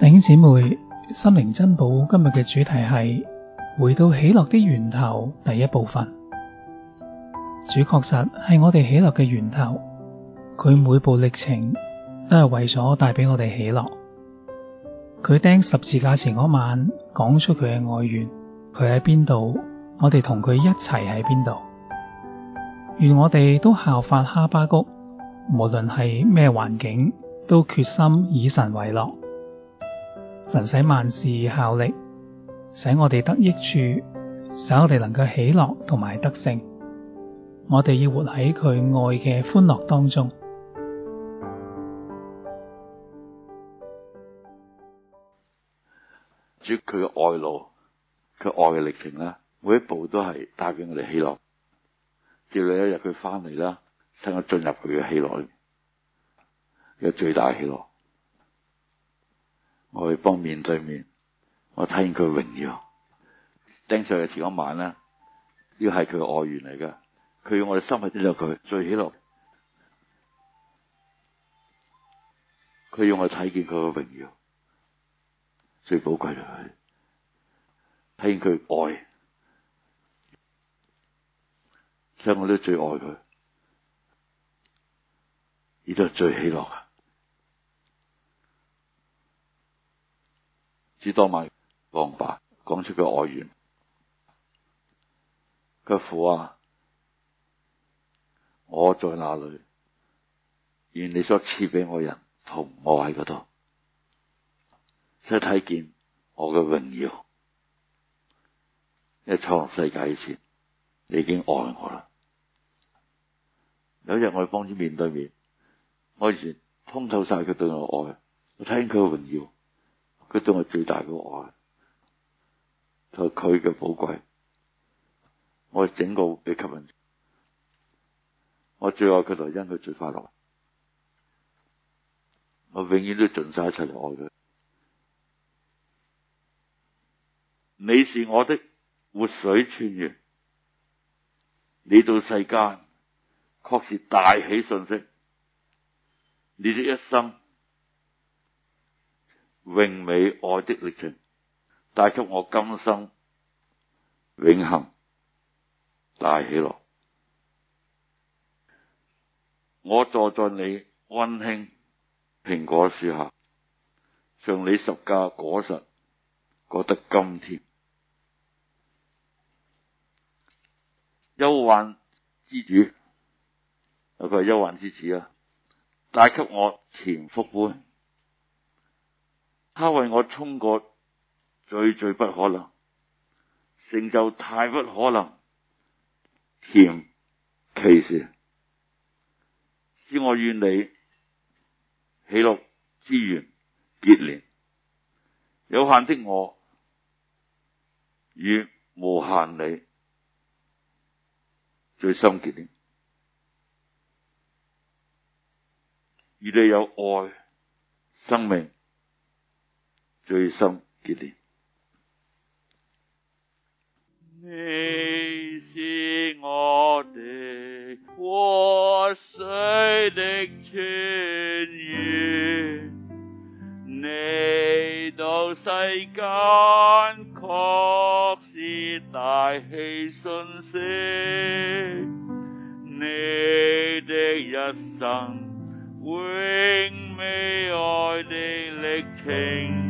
弟兄姊妹，心靈珍寶今日嘅主題係回到喜樂的、的源頭。第一部分，主確實係我哋喜樂嘅源頭，佢每步歷程都係為咗帶俾我哋喜樂。佢釘十字架前嗰晚講出佢嘅愛願，佢喺邊度，我哋同佢一齊喺邊度。願我哋都效法哈巴谷，無論係咩環境，都決心以神為樂。神使萬事效力，使我哋得益處，使我哋能夠喜樂同埋得勝。我哋要活喺佢愛嘅歡樂當中。主佢嘅愛路，佢愛嘅歷程啦，每一步都係帶俾我哋喜樂。叫你一日佢翻嚟啦，使我進入佢嘅喜樂裏面，嘅最大嘅喜樂。我去幫面對面，我睇見佢榮耀。釘上嘅前嗰晚咧，呢個係佢愛源嚟噶，佢要我哋心活知道佢最喜樂，佢要我哋睇見佢嘅榮耀，最寶貴嘅佢睇見佢愛，所以我都最愛佢。呢度最喜樂只當晚王，王爸講出佢愛源佢父啊，我在哪裡？願你所賜俾我人同我喺度即係睇見我嘅榮耀。因為創立世界以前，你已經愛我啦。有一日我幫主面對面，我以前通透晒佢對我愛，我睇見佢嘅榮耀。佢對我最大嘅愛，就係佢嘅寶貴，我整個被吸引，我最愛佢就因佢最快樂，我永遠都盡晒一切嚟愛佢。你是我的活水泉源，你到世間，確是大喜信息，你的一生。榮美愛的歷程，帶給我今生永恆大喜樂。我坐在你溫馨蘋果樹下，嘗你十架果實，覺得甘甜。憂患之主，啊佢係憂患之子啊，帶給我甜福杯。他為我衝過最最不可能成就，太不可能甜其事，使我與你喜樂之源結連，有限的我與無限你最深結連，與你有愛生命。最深結連。你是我的活水的泉源，你到世間確是大喜信息，你的一生榮美愛的歷程。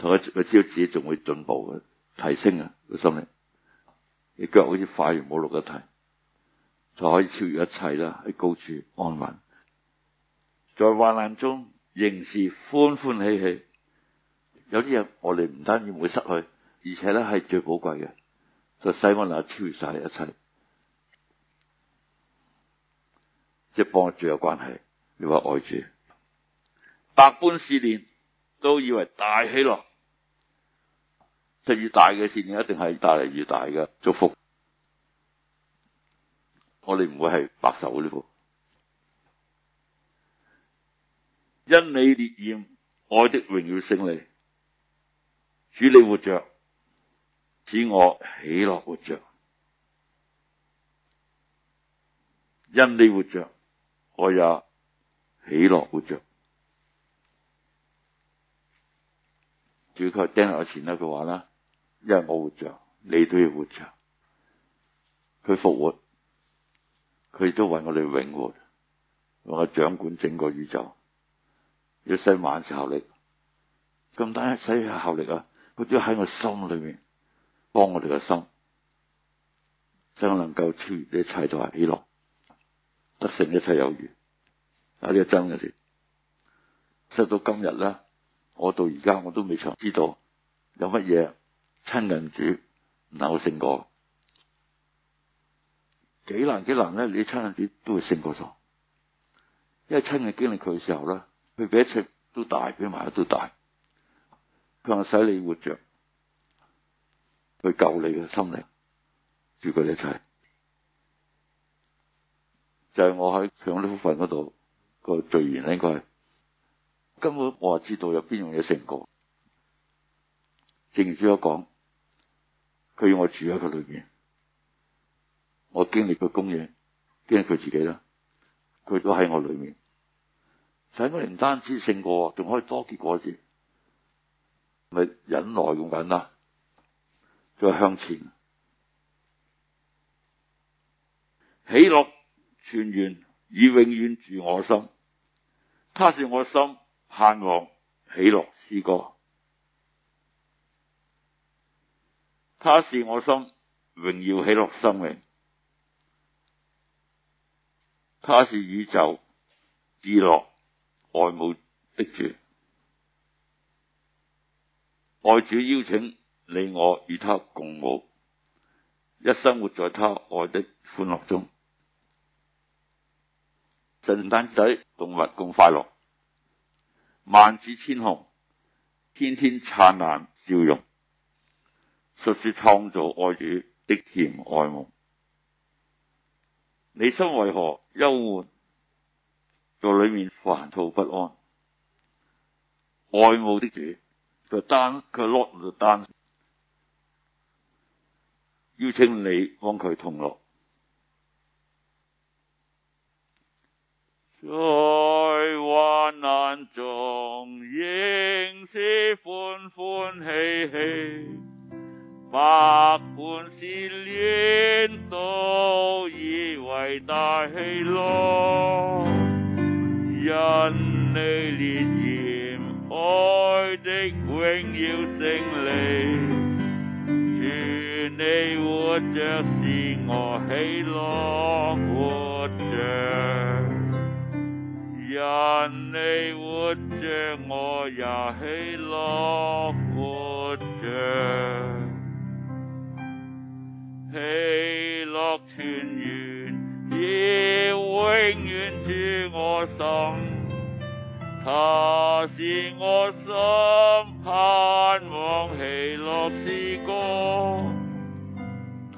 同佢佢知道自己仲會進步嘅提升啊，個心靈你腳好似快完冇落嘅蹄，就可以超越一切啦，喺高處安穩，在患難中仍是歡歡喜喜。有啲嘢我哋唔單止唔會失去，而且咧係最寶貴嘅，就使我哋超越晒一切，即係幫我最有關係。你話愛主，百般試煉都以為大喜樂。越大嘅事情一定係帶嚟越大嘅祝福，我哋唔會係白受呢個。因你烈焰愛的榮耀勝利，主你活着，使我喜樂活着。因你活着，我也喜樂活着。主佢聽下前一句話啦。因為我活著，你都要活著。佢復活，佢亦都為我哋永活，為我掌管整個宇宙。要使萬事效力，咁大一使效力啊！佢都喺我心裏面幫我哋嘅心，將能夠超越一切，就係喜樂，得勝一切有餘。呢個真嘅事，直到今日咧，我到而家我都未曾知道有乜嘢。親人主唔能夠勝過，幾難幾難咧？你親人主都會勝過咗，因為親人經歷佢嘅時候咧，佢比一切都大，比埋物都大。佢係使你活着，佢救你嘅心靈，住佢一切。就係、是、我喺享呢福份，嗰度個罪應該係根本我話知道有邊樣嘢勝過，正如主所講。佢要我住喺佢裏面，我經歷佢公嘢，經歷佢自己啦，佢都喺我裏面。使我哋唔單止勝過，仲可以多結果先，咪忍耐用緊啦，再向前。喜樂泉源已永遠住我心，他是我心盼望喜樂詩歌。他是我心榮耀喜樂生命，他是宇宙至樂愛舞的主，愛主邀請你我與他共舞，一生活在他愛的歡樂中。聖誕仔動物共快樂，萬紫千紅，天天燦爛笑容。述說創造愛主的甜愛慕，你心為何憂悶，在裡面煩躁不安？愛慕的主，佢單佢落就單，邀請你幫佢同樂，在患難中仍是歡歡喜喜。百般試煉都以為大喜樂，因你烈焰愛的榮耀勝利，主你活着使我喜樂活着，因你活着我也喜樂活着。喜樂泉源，已永遠住我心。它是我心盼望、喜樂、詩歌，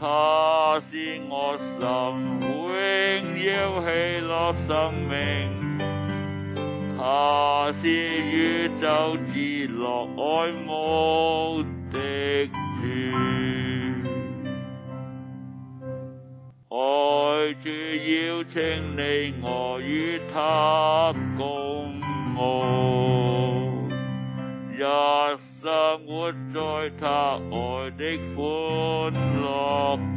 它是我心榮耀、喜樂、生命，它是宇宙至樂愛慕。主邀請你我與祂共舞，一生活在祂愛的歡樂中。